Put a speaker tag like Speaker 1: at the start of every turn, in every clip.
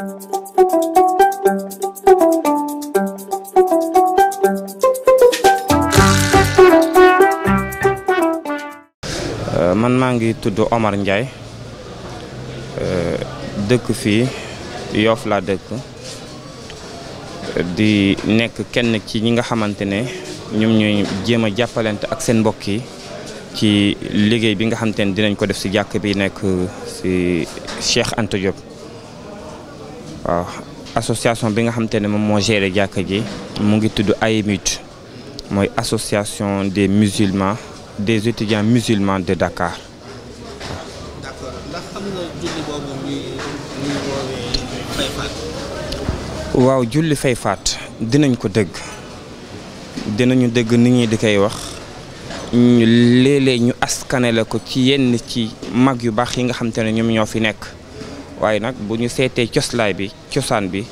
Speaker 1: Euh,
Speaker 2: man maa ngi tudd Omar njaay euh, dëkk fii Yoff laa dëkk di nekk kenn ci ñi nga xamante ne ñoom ñooy jéem a jàppalante ak seen mbokk yi ci liggéey bi nga xamante ne dinañ ko def si jàkk bi nekk si Cheikh Anta waaw association bi nga xam ne moom moo géré jàkk ji mu ngi tudd ay AEMUD mooy association des musulmans des étudiants musulmans de Dakar. d'accord julli fay faat. waaw julli fay faat dinañ ko dëgg dinañu dëgg nit ñi di koy wax ñu ñu askanale ko ci yenn ci mag yu baax yi nga xam ne ñoom ñoo fi nekk. waaye nag bu ñu seetee coslaay bi cosaan bi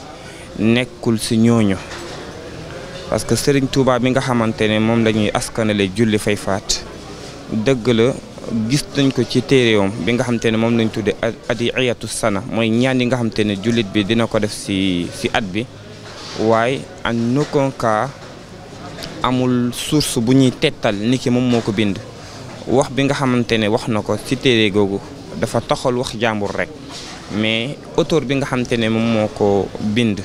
Speaker 2: nekkul si ñooñu parce que sëriñ Touba bi nga xamante ne moom lañuy askanale julli fay faat dëgg la gis nañ ko ci téeréewam bi nga xamante ne moom lañ tudde ayatu sana mooy ñaan nga xamante ne jullit bi dina ko def si si at bi waaye en aucun amul source bu ñuy tettal nit ki moom moo ko bind wax bi nga xamante ne wax na ko ci téere googu dafa toxal wax jàmbur rek mais auteur bi nga xamante ne moom moo ko bind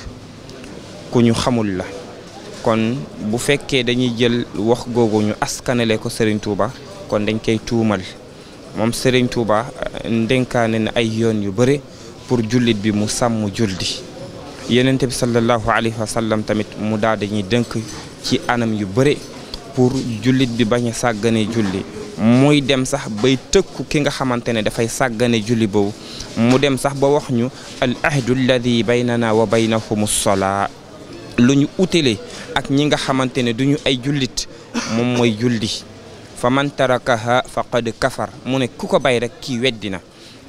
Speaker 2: ku ñu xamul la kon bu fekkee dañuy jël wax googu ñu askanale ko Serigne Touba kon dañ koy tuumal moom Serigne Touba euh, ndenkaane na ay yoon yu bëri pour jullit bi mu sàmm julli yenente bi sallallahu alayhi wa sallam tamit mu daal dañuy dënk ci anam yu bëri pour jullit bi bañ a sàggane julli muy dem sax bay tëkku ki nga xamante ne dafay sàggane julli boobu mu dem sax ba wax ñu al ahdu bay baynana wa baynahum solaa lu ñu utale ak ñi nga xamante ne duñu ay jullit moom mooy julli fa man tarakaha faqad kafar mu ne ku ko bay rek kii weddi na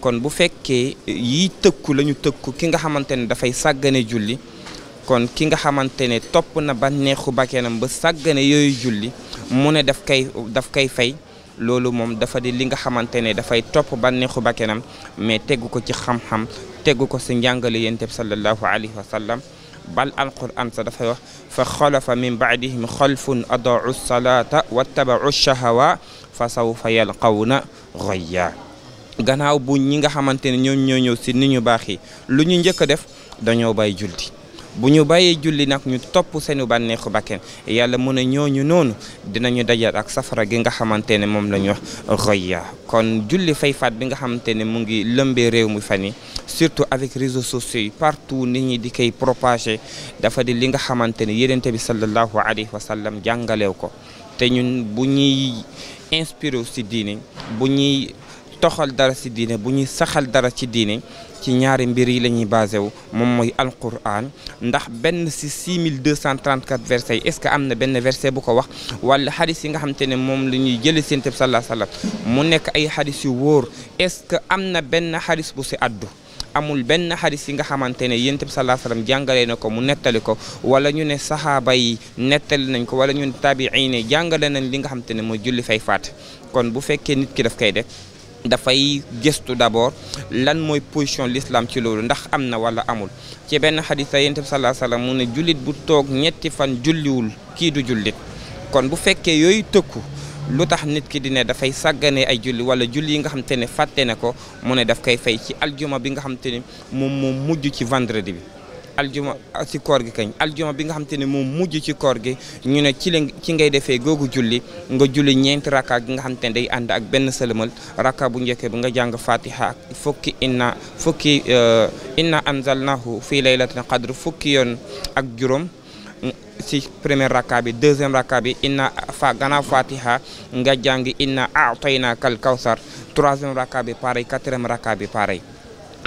Speaker 2: kon bu fekkee yi tëkku lañu tëkku ki nga xamante ne dafay sàggane julli kon ki nga xamante ne topp na ba neexu bakkenam ba sàggane yooyu julli mu ne daf kay daf kay fay loolu moom dafa di li nga xamante ne dafay topp bànneexu bakkenam mais tegu ko ci xam-xam tegu ko si njàngale yenteb sallallahu alayhi wa sallam bal alquran sa dafay wax fa xalafa min baadihim xalfun adaau salata wattabau shahawa fa sawfa yalqawna ghayya gannaaw bu ñi nga xamante ne ñoom ñoo ñëw si ni ñu baax yi lu ñu njëkk a def dañoo bàyyi julli bu ñu bàyyee julli nag ñu topp seenu bànneexu bakken yàlla mën a ñooñu noonu dina ñu dajal ak safara gi nga xamante ne moom la ñu kon julli fay faat bi nga xamante ne mu ngi lëmbee réew mi fan yi surtout avec réseaux sociaux partout nit ñi di koy propager dafa di li nga xamante ne yonent bi sallallahu alayhi wa sallam jàngalew ko te ñun bu ñuy inspiré si diine bu ñuy toxal dara si diine bu ñuy saxal dara ci diine ci ñaari mbir yi la ñuy basé wu moom mooy alquran ndax benn si 6234 versets yi est ce que am na benn verset bu ko wax wala xadis yi nga xam ne moom lañuy ñuy jëlee seen teb sallallahu alayhi mu nekk ay xadis yu wóor est ce que am na benn xadis bu si addu amul benn xadis yi nga xamante ne yonent bi sallallahu alayhi jàngalee na ko mu nettali ko wala ñu ne saxaaba yi nettali nañ ko wala ñu ne taabiin jàngale nañ li nga xamante ne mooy julli fay faat kon bu fekkee nit ki daf koy def dafay gëstu d'abord lan mooy position l'islam ci loolu ndax am na wala amul ci benn xadis la yonent bi sallallahu alayhi wasallam mu ne jullit bu toog ñetti fan julliwul kii du jullit kon bu fekkee yooyu tëkku lu tax nit ki dina dafay sàggane ay julli wala julli yi nga xam te ne fàtte ne ko mu ne daf koy fay ci aljuma bi nga xam te ne moom moo mujj ci vendredi bi aljuma ci koor gi kañ aljuma bi nga xam te ne moom mujj ci koor gi ñu ne ci la ci ngay defee googu julli nga julli ñeenti rakka gi nga xam te ne day ànd ak benn sëlëmal rakka bu njëkk bi nga jàng fatiha ak fukki inna fukki euh, inna anzalnahu fii laylatil qadr fukki yoon ak juróom si premier rakka bi deuxième rakka bi inna fa gannaaw fatiha nga jàng inna a'taynakal kawsar troisième rakka bi pareil quatrième rakka bi pareil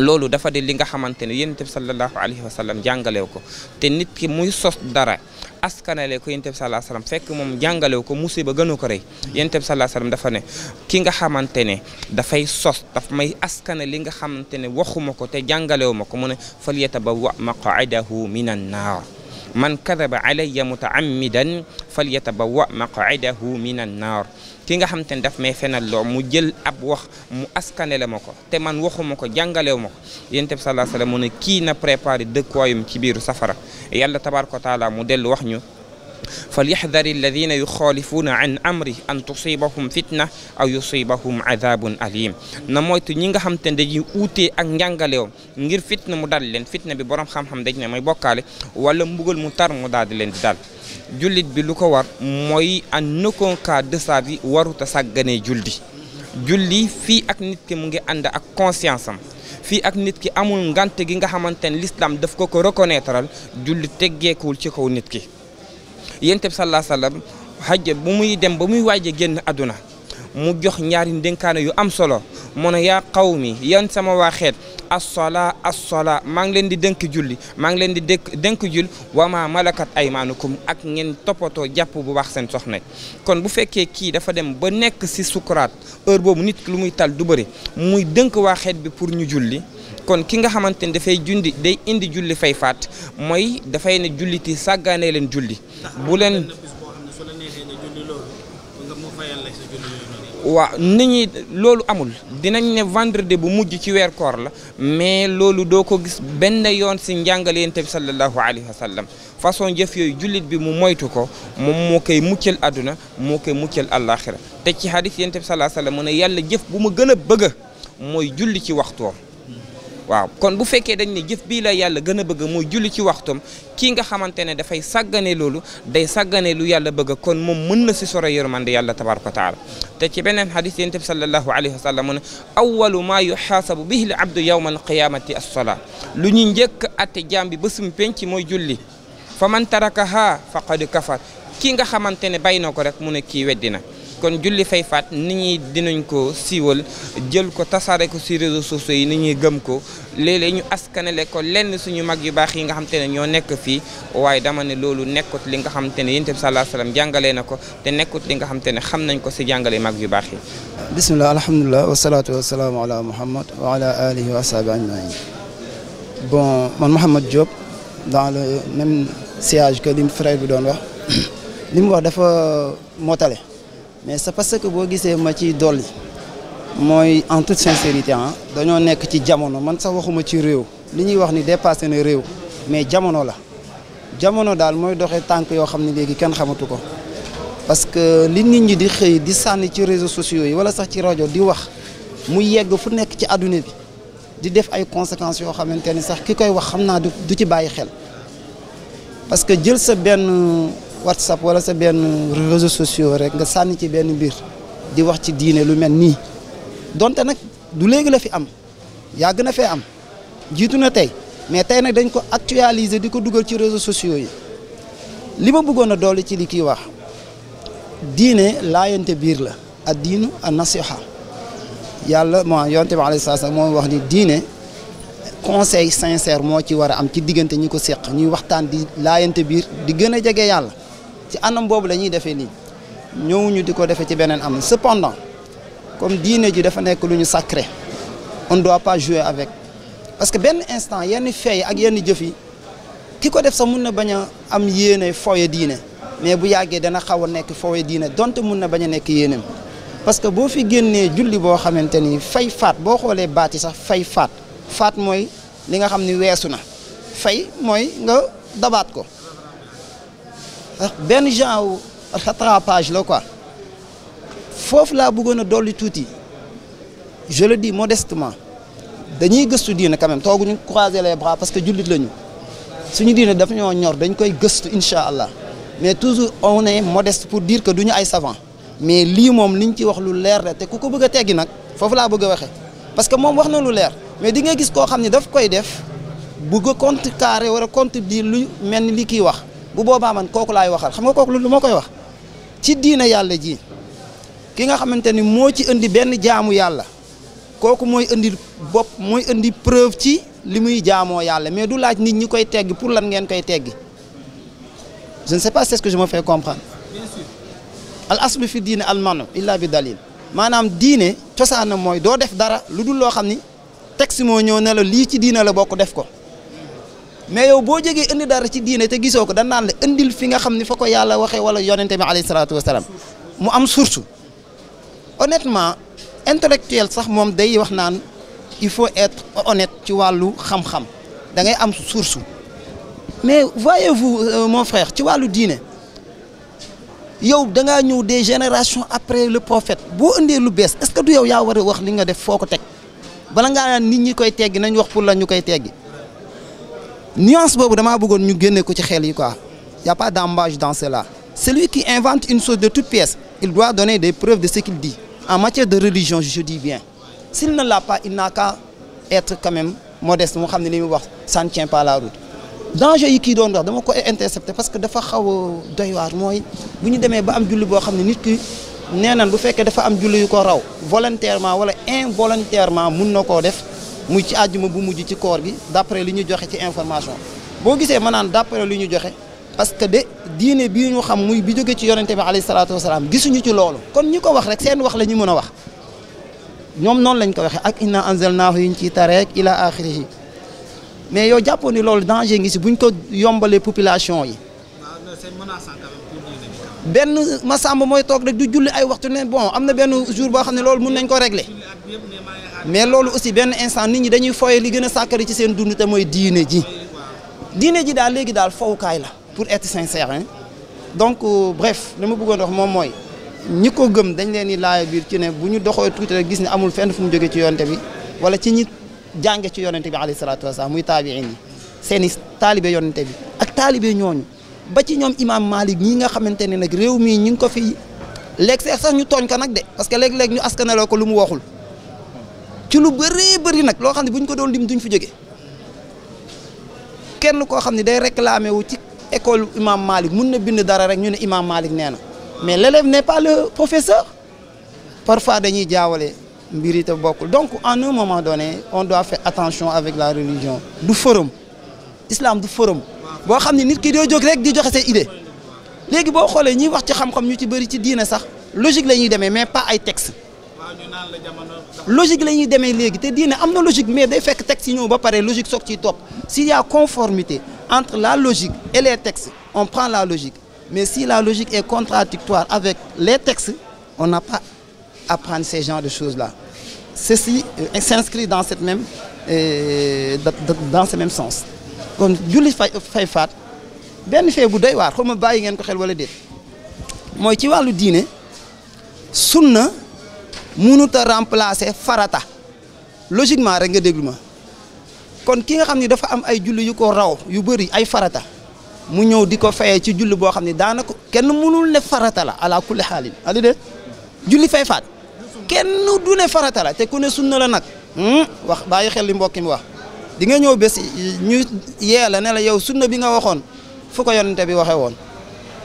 Speaker 2: loolu dafa di li nga xamante ne yonent bi sallallahu alayhi wa sallam jàngalew ko te nit ki muy sos dara askanale ko yonent bi sallallahu alayhi fekk moom jàngalew ko musiba gënu ko rëy yonent bi sallallahu alayhi dafa ne ki nga xamante ne dafay sos dafa may askane li nga xamante ne waxuma ko te jàngalew ma ko mu ne fal yatabawwa maqaidahu minan naar man kadaba alayya mutaammidan falyatabawwa maq'adahu min an naar ki nga xam te ne daf may fenal loo mu jël ab wax mu askanele ma ko te man waxuma ko jàngalewu ma ko yonent bi sallallahu alayhi wa sallam mu ne kii na préparé dëkkuwaayum ci biiru safara yàlla tabaaraka wa taala mu dellu wax ñu falyahdari alladina yuxaalifuuna an amri an tusibahum fitna aw yusibahum adabun alim na moytu ñi nga xam te ne dañuy uutee ak njàngalew ngir fitna mu dal leen fitna bi borom xam-xam dañ ne mooy bokkaale wala mbugal mu tar mu daal di leen di dal jullit bi lu ko war mooy en aucun cas de sa vie waruta sàgganee julli julli fii ak nit ki mu ngi ànd ak conscience am fii ak nit ki amul ngante gi nga xamante ne l'islam daf ko ko reconnaître julli teggeekul ci kaw nit ki yonent bi sallallahu alayhi wa sallam bu muy dem ba muy waaj a génn àdduna mu jox ñaari ndénkaane yu am solo moo ne yaa qawmi yan sama waa xeet assola assola maa ngi leen di dënk julli maa ngi leen di dënk dënk jul wama malakat ay aymaanukum ak ngeen toppatoo jàpp bu baax seen soxna kon bu fekkee kii dafa dem ba nekk si sukuraat heure boobu nit lu muy tal du bëri muy dënk waa xeet bi pour ñu julli kon ki nga xamante ni dafay jundi day indi julli fay faat mooy dafay ne julliti sàggaanee leen julli bu leen waaw ni ñi loolu amul dinañ ne vendredi bu mujj ci weer koor la mais loolu doo ko gis benn yoon si njàngale yonent bi sallallahu alayhi sallam façon jëf yooyu jullit bi mu moytu ko moom moo koy muccal àdduna moo koy muccal àllaaxira te ci hadis yonent bi sallallahu alayhi wa sallam mu ne yàlla jëf bu ma gën a bëgg mooy julli ci waxtoom waaw kon bu fekkee dañ ne jëf bii la yàlla gën a bëgg mooy julli ci waxtum kii nga xamante ne dafay sàggane loolu day saggane lu yàlla bëgg kon moom mën na si soro yërmande yàlla tabaraka wa taala te ci beneen xadis yonent bi sallallahu alayhi wa sallam mu ne awalu maa yuxaasabu bihi l abdu yawma alqiyamati assolaa lu ñu njëkk atte jaam bi bésum penc mooy julli fa man tarakaha faqad kafar kii nga xamante ne bàyyi na ko rek mu ne kii weddi na kon julli fay faat ni ñi dinañ ko siiwal jël ko tasaare ko ci réseaux sociaux yi ni ñi gëm ko léeg ñu ñu askanale ko lenn suñu mag yu baax yi nga xam te ne ñoo nekk fii waaye dama ne loolu nekkut li nga xam te ne yonent bi sallallahu alayhi wasallam jàngalee na ko te nekkut li nga xam te ne xam nañ ko si jàngale mag yu baax yi.
Speaker 1: bisimilah alhamdulilah wasalaatu wasalaamu ala muhammad wa ala alihi wa ashabi ajmain bon man Mouhamed Diop dans le même sillage que li frère bi doon wax mu wax dafa motale. mais c'est parce que boo gisee ma ci dolli mooy en toute sincérité ah, dañoo nekk ci jamono man sax waxuma ci réew li ñuy wax ni dépassé na réew mais jamono la jamono daal mooy doxe tànk yoo xam ne léegi kenn xamatu ko parce que li nit ñi di xëy di sànni ci réseau sociaux yi wala sax ci rajo di wax mu yegg fu nekk ci àdduna bi di def ay conséquences yoo xamante ni sax ki koy wax xam naa du du ci bàyyi xel parce jël sa benn whatsapp wala sa benn réseaux sociaux rek nga sànni ci benn mbir di wax ci diine lu mel nii donte nag du léegi la fi am yàgg na fee am jiitu na tey mais tey nag dañ ko actualiser di ko dugal ci réseaux sociaux yi li ma bëggoon a dolli ci li kii wax diine laayante biir la ad diinu a nasiha yàlla moo yonte bi alayhi salaam moo wax ni diine conseil sincère moo ci war a am ci diggante ñi ko seq ñuy waxtaan di laayante biir di gën a jege yàlla ci anam boobu la ñuy defee lii ñëwuñu di ko defee ci beneen am cependant comme diine ji dafa nekk lu ñu sacré on doit pas jouer avec parce que benn instant yenn fey ak yenn jëfi ki ko def sax mun na bañ a am yéene fooye diine mais bu yàggee dana xaw a nekk fooye diine donte mun na bañ a nekk yéeneem parce que boo fi génnee julli boo xamante ni fay faat boo xoolee baat yi sax fay faat faat mooy li nga xam ni weesu na fay mooy nga dabaat ko benn genre rattrapage la quoi foofu laa bëggoon a dolli tuuti je le dis modestement dañuy gëstu diine quand même tooguñu croiser les bras parce que jullit lañu suñu diine daf ñoo ñor dañ koy gëstu incha allah mais toujours on est modeste pour dire que duñu ay savant mais lii moom li ñu ci wax lu leer la te ku ko bëgg a teggi nag foofu laa bëgg a waxee parce que moom wax na lu leer mais dinga gis koo xam ne dafa koy def bëgg carré wara wala contredire lu mel ni li kiy wax. bu boobaa man kooku laay waxal xam nga kooku lu ma koy wax ci diina yàlla ji ki nga xamante ni moo ci indi benn jaamu yàlla kooku mooy indi bopp mooy indi preuve ci li muy jaamoo yàlla mais du laaj nit ñi koy tegg pour lan ngeen koy teggi je ne sais pas c'est ce que je me fais comprendre al aslu fi diine al manu illa bi dalil maanaam diine cosaanam mooy doo def dara lu dul loo xam ni si moo ñëw ne la lii ci diine la bokk def ko mais yow boo jógee indi dara ci diine te gisoo ko dan naan la indil fi nga xam ni fa ko yàlla waxee wala yonente bi alayhi salaatu wasalaam mu am source honnêtement intellectuel sax moom day wax naan il faut être honnête ci wàllu xam-xam da ngay am source mais voyez-vous euh, mon frère ci wàllu diine yow da ngaa ñëw des génération après le prophète boo indee lu bees est-ce que du yow yaa war a wax li nga def foo ko teg bala nga naan nit ñi koy teggi nañ wax pour la ñu koy teggi nuance boobu damaa bëggoon ñu génne ko ci xel yi quoi y' a pas d' ambages dans cela celui qui invente une chose de toute pièce il doit donner des preuves de ce qu'il dit en matière de religion je dis bien s'il ne l'a pas il n'a qu'à être quand même modeste moo xam ne li wax ça ne pas la route danger yi kii doon wax dama ko intercepté parce que dafa xaw a doy waar mooy bu ñu demee ba am julli boo xam ne nit ki nee nan bu fekkee dafa am julli yu ko raw volontairement wala involontairement mun na koo def muy ci àjjuma bu mujj ci koor gi d'après li ñu joxe ci information boo gisee ma naan d'après li ñu joxe parce que de diine bi ñu xam muy bi jóge ci yonente bi alayhi salaatu wasalaam gisuñu ci loolu kon ñi ko wax rek seen wax la ñu mën a wax ñoom noonu lañ ko waxee ak inna anzalnaahu yi ñu ciy tareek ila yi mais yow jàppoo ni loolu danger ngi si bu ñu ko yombalee population yi benn masamba mooy toog rek du julli ay waxtu ne bon am na benn jour boo xam ne loolu mun nañ ko régler mais loolu aussi benn instant nit ñi dañuy foye li gën a sàkkari ci seen dund te mooy diine ji diine ji daal léegi daal fowukaay la pour être sincère hein donc euh, bref li ma bëggoon wax moom mooy ñi ko gëm dañ leen di laaj biir ci ne bu ñu doxoo tuuti rek gis ni amul fenn fu mu jóge ci yonte bi wala ci ñi jànge ci yonente bi alayhi salaatu wasalaam muy taabiin yi seen i taalibe yonente bi ak taalibe ñooñu ba ci ñoom imam Malik ñii nga xamante ne nag réew mii ñu ngi ko fi léeg seex sax ñu tooñ ko nag de parce que léeg-léeg ñu askanaloo ko lu mu waxul ci lu bëree bëri nag loo xam ne bu ñu ko doon lim duñ fi jóge kenn koo xam ne day réclamer wu ci école imam Malik mun na bind dara rek ñu ne imam Malik nee na mais l'élève n'est pas le professeur parfois dañuy jaawale mbir yi te bokkul donc en un moment donné on doit faire attention avec la religion du forum islam du forum. boo xam ne nit ki doo jóg rek di joxe say idée léegi boo xoolee ñuy wax ci xam-xam ñu ci bëri ci diina sax logique la ñuy demee mais pas ay texte logique la ñuy demee léegi te diina am na logique mais day fekk texte yi ñëw ba pare logique soog ciy topp s'il y a conformité entre la logique et les textes on prend la logique mais si la logique est contradictoire avec les textes on n'a pas à prendre ces genres de choses là ceci euh, s'inscrit dans cette même euh, dans ce même sens kon julli fay faat benn fee bu doy waar xaw bàyyi ngeen ko xel wala déet mooy ci wàllu diine sunna munut a remplacer farata logiquement rek nga déglu ma kon ki nga xam ni dafa am ay julli yu ko raw yu bari ay farata mu ñëw di ko fayee ci julli boo xam ne daanaka kenn mënul ne farata la ala kulli xaalin ali de julli fay faat kenn du ne farata la te ku ne sunna la nag hmm, wax bàyyi xel li mbokk wax. di nga ñëw bés ñu yee la ne la yow sunna bi nga waxoon fu ko yonente bi waxee woon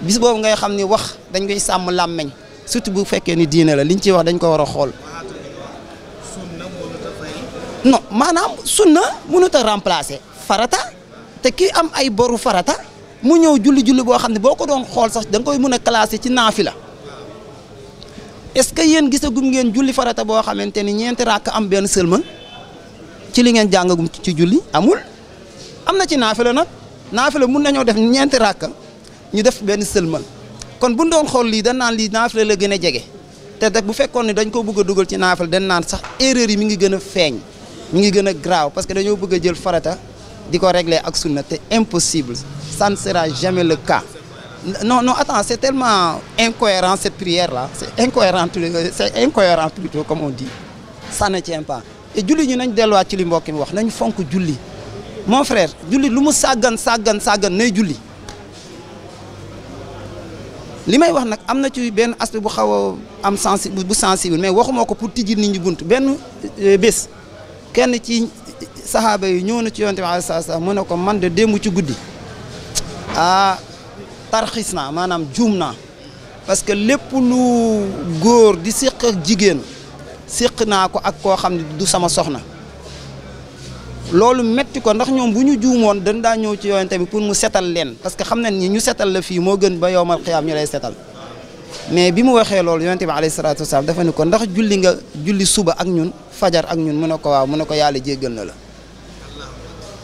Speaker 1: bis boobu ngay xam ni wax dañ koy sàmm làmmeñ surtout bu fekkee ni diine la liñ ciy wax dañ ko war a xool non maanaam sunna mënut a remplacer farata te kii am ay boru farata mu ñëw julli-julli boo xam ne boo ko doon xool sax danga koy mun a classer ci naafila est-ce que yéen gisagum ngeen julli farata boo xamante ni ñeenti ràkk am benn sëlma ci li ngeen jàngagum ci julli amul am na ci naafila nag naafila mun nañoo def ñeenti rakka ñu def benn sëlmal kon bu doon xool lii dañ naan lii naafila la gën a jege te nag bu fekkoon ne dañ ko bugg a dugal ci naafila dañ naan sax erreur yi mi ngi gën feeñ mu ngi gën graaw parce que dañoo bëgg a jël farata di ko régler ak sunna te impossible ça ne sera jamais le cas non non attends c'est tellement incohérent cette prière là c'est incohérent c'est incohérent plutôt comme on dit et julli ñi nañ delluwaat ci li mbokk mu wax nañu fonk julli mon frère julli lu mu sàggan sàggan sàggan nay julli li may wax nag am na ci benn aspect bu xaw a am sensi bu sensible mais waxuma ko pour tijji nit ñu bunt benn euh, bés kenn ci saxaaba yi ñëw na ci yonent bi alayhi salaam mu ne ko man de démb ci guddi ah tarxis naa maanaam jum naa parce que lépp lu góor di séq ak jigéen séq naa ko ak koo xam ne du sama soxna loolu metti ko ndax ñoom bu ñu juumoon dañ daa ñëw ci yonente bi pour mu setal leen parce que xam nañ ni ñu setal la fii moo gën ba yowmal xiyaam ñu lay setal mais bi mu waxee loolu yonente bi alayhi salaatu wasalaam dafa ni ndax julli nga julli suba ak ñun fajar ak ñun mu ne ko waaw mu ne ko yàlla jéggal na la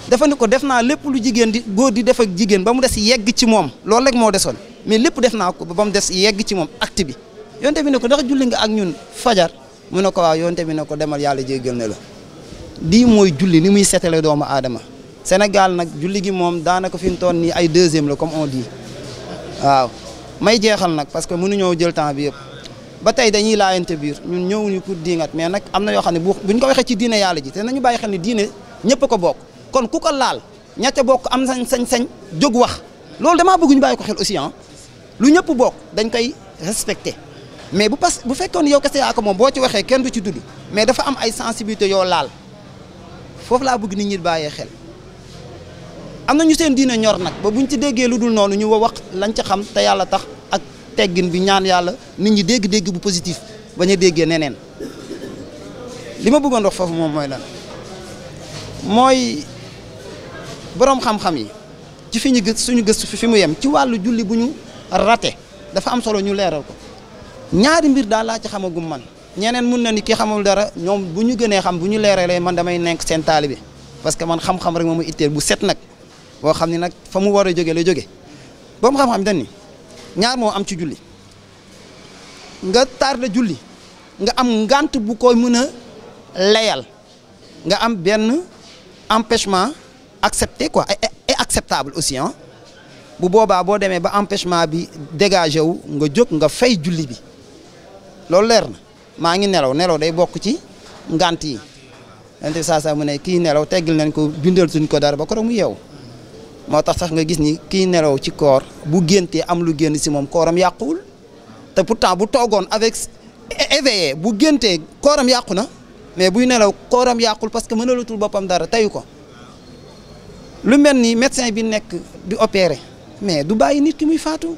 Speaker 1: dafa ni ko def naa lépp lu jigéen di góor di def ak jigéen ba mu des yegg ci moom loolu rek moo desoon mais lépp def naa ko ba mu des yegg ci moom acte bi yonente bi ne ko ndax julli nga ak ñun fajar mu ne ko waaw yonte bi na ko demal yàlla jéggal na la lii mooy julli ni muy setale doomu aadama Sénégal nag julli gi moom daanaka fi mu toon nii ay deuxième la comme on dit waaw may jeexal nag parce que mënuñoo jël temps bi yëpp ba tey dañuy laayante biir ñun ñëwuñu pour diingat mais nag am na yoo xam ne bu buñ ko waxee ci diine yàlla ji te nañu bàyyi xel ni diine ñëpp ko bokk kon ku ko laal ña ca bokk am sañ sañ sañ jóg wax loolu damaa bëgg ñu bàyyi ko xel aussi ah. lu ñëpp bokk dañ koy respecté mais bu pas bu fekkoon yow kese yaa ko moom boo ci waxee kenn du ci dudd mais dafa am ay sensibilité yoo laal foofu laa bëgg nit ñi bàyyee xel am na ñu seen diine ñor nag ba buñ ci déggee lu dul noonu ñu wax lañ ca xam te yàlla tax ak teggin bi ñaan yàlla nit ñi dégg-dégg bu positif ba a déggee neneen li ma bëggoon wax foofu moom mooy lan mooy boroom xam-xam yi ci fi ñu gës suñu gëstu fi mu yem ci wàllu julli bu ñu rate dafa am solo ñu leeral ñaari mbir daal laa ci xamagum man ñeneen mun na ni ki xamul dara ñoom bu ñu gënee xam bu ñu leeralee man damay nekk seen bi parce que man xam-xam rek moom itteel bu set nag boo xam ni nag fa mu war a jóge la jóge ba mu xam-xam dañ ni am ci julli nga tardé julli nga am ngant bu koy mën a layal nga am benn empêchement accepté quoi et acceptable bu boobaa boo demee ba empêchement bi dégagé wu nga jóg nga fay julli bi loolu leer na maa ngi nelaw nelaw day bokk ci ngant yi yonent bi saa saa mu ne kii nelaw teggil nañ ko bindal suñ ko dara ba ko mu yeew moo tax sax nga gis ni kii nelaw ci koor bu géntee am lu génn si moom kooram yàquwul te pourtant bu toogoon avec éveillé bu géntee kooram yàqu na mais buy nelaw kooram yàqul parce que mën mënalatul boppam dara teyu ko lu mel nii médecin bi nekk di opérer mais du bàyyi nit ki muy faatu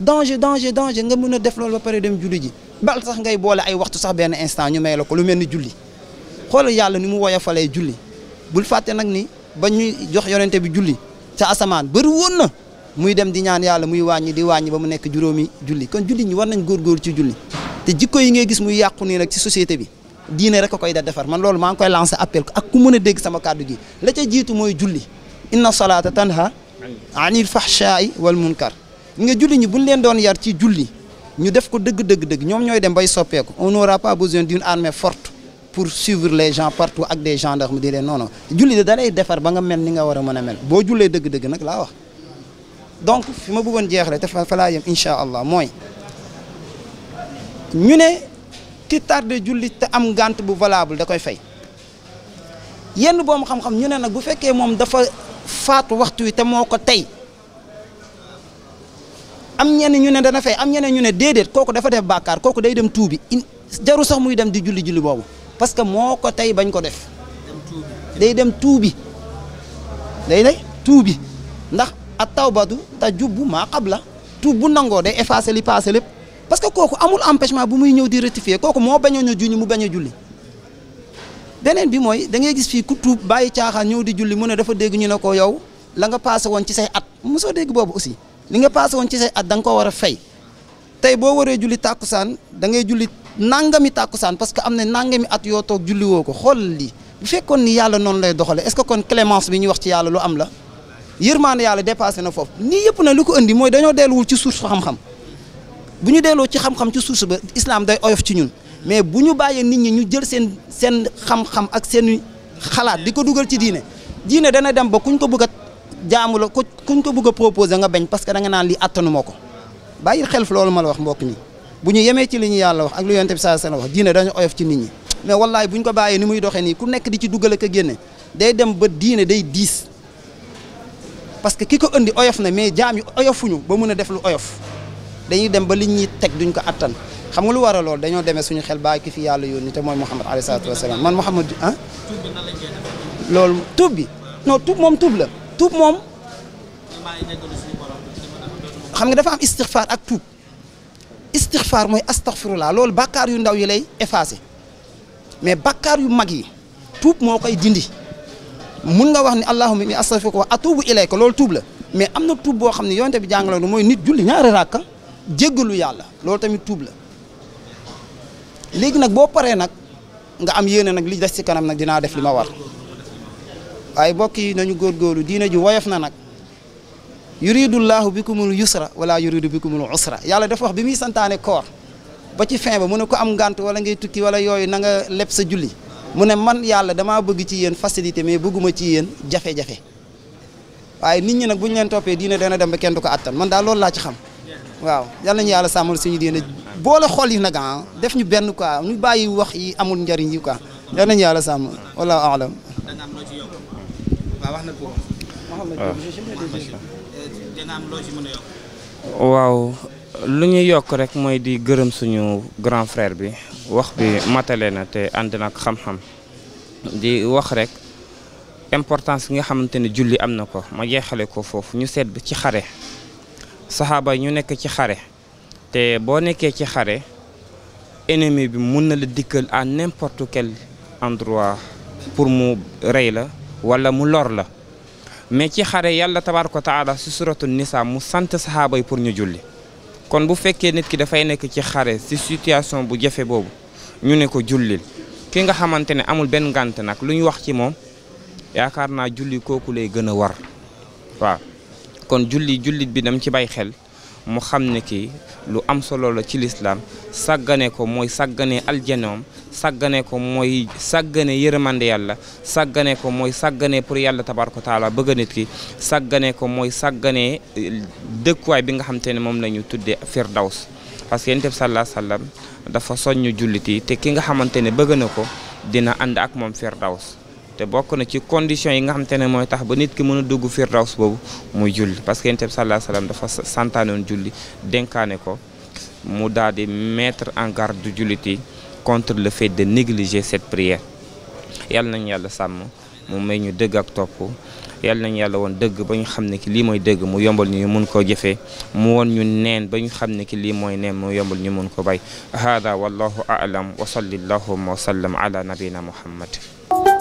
Speaker 1: danger danger danger nga mën a def loolu ba pare dem julli ji bal sax ngay boole ay waxtu sax benn instant ñu may la ko lu mel ni julli xoolal yàlla ni mu woyofalee julli bul fàtte nag ni ba ñuy jox yonente bi julli ca asamaan bëri woon na muy dem di ñaan yàlla muy wàññi di wàññi ba mu nekk juróomi julli kon julli ñi war nañ góorgóor ci julli te jikko yi ngay gis muy yàqu nii nag ci société bi diine rek a koy da defar man loolu maa ngi koy lancer appel ko ak ku mën a dégg sama kàddu gi la ca jiitu mooy julli inna salaata tanha anil fahshaa'i wal munkar nga julli ñi buñ leen doon yar ci julli ñu def ko dëgg dëgg dëgg ñoom ñooy dem bay soppeeku on n'aura pas besoin d'une armée forte pour suivre les gens partout ak des gendarmes di leen non non julli da lay defar ba nga mel ni nga war a mën a mel boo jullee dëgg dëgg nag laa wax donc fi ma bëggoon jeexalee te fa laa yem incha allah mooy ñu ne ki tardé julli te am gànt bu valable da koy fay yenn boom xam-xam ñu ne nag bu fekkee moom dafa faatu waxtu wi te moo ko tey. am ñenn ñu ne dana fay am ñeneen ñu ne déedéet kooku dafa def bàkkaar kooku day dem tuubi in jaru sax muy dem di julli julli boobu parce que moo ko tey bañ ko def day dem tuubi day day tuubi ndax at tawbatu bu maa la tuub bu nangoo day effacer li passé lépp parce que kooku amul empêchement bu muy ñëw di rectifier kooku moo bañoo na juñu mu bañ a julli beneen bi mooy da ngay gis fii ku tuub bàyyi caaxaan ñëw di julli mun ne dafa dégg ñu ne ko yow la nga passé woon ci say at mosoo dégg boobu aussi li nga paase woon ci say at danga ko war a fay tey boo waree julli tàkkusaan da ngay julli nangami tàkkusaan parce que am na nangami at yoo toog julli woo ko xool li bu fekkoon ni yàlla noonu lay doxale est-ce kon clémence bi ñuy wax ci yàlla lu am la yërmaande yàlla dépassé na foofu nii yëpp na lu ko indi mooy dañoo delluwul ci source xam-xam bu ñu delloo ci xam-xam ci source ba islam day oyof ci ñun mais bu ñu bàyyee nit ñi ñu jël seen seen xam-xam ak seen xalaat di ko dugal ci diine diine dana dem ba kuñ ko bëgg jaamu la ku kuñ ko nga bañ parce que da naan lii attanu ko bàyyi xel loolu ma wax mbokk mi bu ñu yemee ci li ñu yàlla wax ak lu yonent bi sallallahu wax diine dañu oyof ci nit ñi mais wallaay bu ñu ko bàyyee ni muy doxee ku nekk di ci dugal ak a dem ba diine day diis parce que ki ko indi oyof na mais jaam yi oyofuñu ba mun a def lu oyof dañuy dem ba li ñuy teg duñ ko attan xam nga lu war a lool dañoo demee suñu xel bàyyi ki fi yàlla yoon te mooy Muhammad alayhi salaatu wasalaam man Muhammad ah loolu tuub bi non tuub moom tuub la tuub moom xam nga dafa am istixfaar ak tuub istixfaar mooy astaxfirullah loolu bàkkaar yu ndaw yi lay effacé mais bàkkaar yu mag yi tuub moo koy dindi mun nga wax ni allahumma inni astaghfiruka wa atubu ilayka loolu tuub la mais am na tuub boo xam ne yonte bi jàngaloon mooy nit julli ñaari rakka jéggalu yàlla loolu tamit tuub la léegi nag boo paree nag nga am yéene nag li des ci kanam nag dinaa def li ma war waaye mbokk yi góor góorlu diina ji woyof na nag yuridullahu bikumul yusra wala yuridu bikumul usra yàlla dafa wax bi muy santaane koor ba ci fin ba mu ne ko am ngànt wala ngay tukki wala yooyu na nga sa julli mu ne man yàlla damaa bëgg ci yéen facilité mais bëgguma ci yéen jafe waaye nit ñi nag bu ñu leen toppee diina dana dem ba kenn du ko attan man daa loolu laa ci xam waaw yal nañu yàlla sàmmal suñu diine boole xol yi nag ah def ñu benn quoi bàyyi wax yi amul njariñ yi quoi yal yàlla sàmm wallahu aalam
Speaker 2: waaw. lu ñu yokk rek mooy di gërëm suñu grand frère bi wax bi matale na te ànd nag xam-xam di wax rek importance bi nga xamante ne julli am na ko ma jeexale ko foofu ñu seet ci xare saxaaba ñu nekk ci xare te boo nekkee ci xare ennemi bi mun na la dikkal à n'importe quel endroit pour mu rey la wala mu lor la mais ci xare yàlla tabaaraka taala si suratu nisa mu sant saxaaba yi pour ñu julli kon bu fekkee nit ki dafay nekk ci xare si situation bu jafe boobu ñu ne ko jullil ki nga xamante ne amul benn ngànt nag lu ñu wax ci moom yaakaar naa julli kooku lay gën a war waaw kon julli jullit bi dam ci bay xel mu xam ne kii lu am solo la ci lislaam sàggane ko mooy sàggane aljanoom sàggane ko mooy sàggane yërmande yàlla sàggane ko mooy sàggane pour yàlla tabaaraka taala bëgg nit ki sàggane ko mooy sàggane eh, dëkkuwaay bi nga xam ne moom la ñu tuddee firdaws parce que yonent bi sallallaahu dafa soññu jullit yi te ki nga xamante ne bëgg na ko dina ànd ak moom firdaws te bokk na ci condition yi nga xam te ne mooy tax ba nit ki mën a dugg firdaws boobu muy julli parce que yonent bi sallallahu alayhi wasallam dafa santaanoon julli dénkaane ko mu daal di mettre en garde jullit yi contre le fait de négliger set prière yàlla nañu yàlla sàmm mu may ñu dëgg ak topp yàlla nañu yàlla woon dëgg ba ñu xam ne ki lii mooy dëgg mu yombal ñu mun koo jëfee mu woon ñu neen ba ñu xam ne ki lii mooy neen mu yombal ñu mun ko bay hada wallahu a'lam wa sallallahu wa sallam ala nabina muhammad